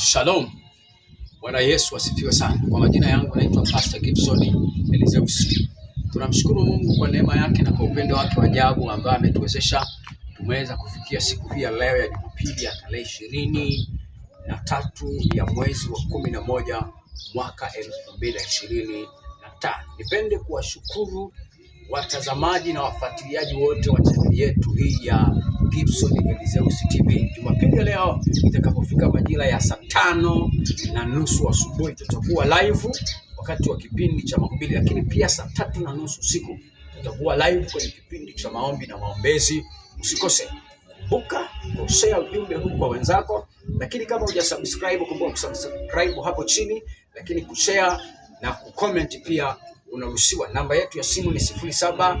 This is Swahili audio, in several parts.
Shalom. Bwana Yesu asifiwe sana. Kwa majina yangu naitwa Pastor Gibson Elizeus. Tunamshukuru Mungu kwa neema yake na kwa upendo wake wa ajabu ambaye ametuwezesha tumeweza kufikia siku hii ya leo ya Jumapili ya tarehe ishirini na tatu ya mwezi wa kumi na moja mwaka elfu mbili na ishirini na tano. Nipende kuwashukuru watazamaji na wafuatiliaji wote wa chaneli yetu hii ya Gibson Elizeusi TV Jumapili ya leo itakapofika majira ya saa tano na nusu asubuhi tutakuwa live wakati wa kipindi cha mahubiri, lakini pia saa tatu na nusu usiku tutakuwa live kwenye kipindi cha maombi na maombezi. Usikose. Kumbuka kushare ujumbe huu kwa wenzako, lakini kama hujasubscribe, kumbuka kusubscribe hapo chini, lakini kushare na kucomment pia unaruhusiwa. Namba yetu ya simu ni sifuri saba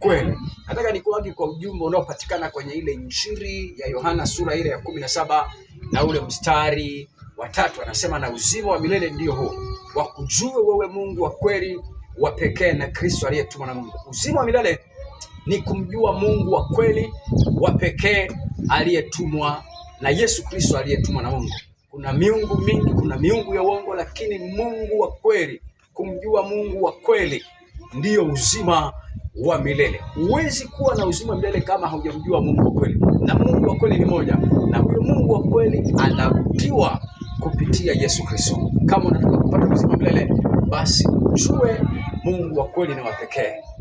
kweli. Nataka nikuage kwa ujumbe unaopatikana kwenye ile Injili ya Yohana sura ile ya kumi na saba na ule mstari wa tatu, anasema na uzima wa milele ndiyo huo wakujue wewe Mungu wa kweli wa pekee na Kristo aliyetumwa na Mungu. Uzima wa milele ni kumjua Mungu wa kweli wa pekee aliyetumwa na Yesu Kristo aliyetumwa na Mungu. Kuna miungu mingi, kuna miungu ya uongo, lakini Mungu wa kweli, kumjua Mungu wa kweli ndiyo uzima wa milele. Huwezi kuwa na uzima milele kama haujamjua Mungu wa kweli, na Mungu wa kweli ni moja, na huyo Mungu wa kweli anakutiwa kupitia Yesu Kristo. Kama unataka kupata uzima milele, basi ujue Mungu wa kweli ni wa pekee.